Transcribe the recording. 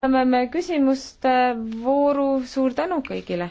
lõpetame me küsimuste äh, vooru, suur tänu kõigile!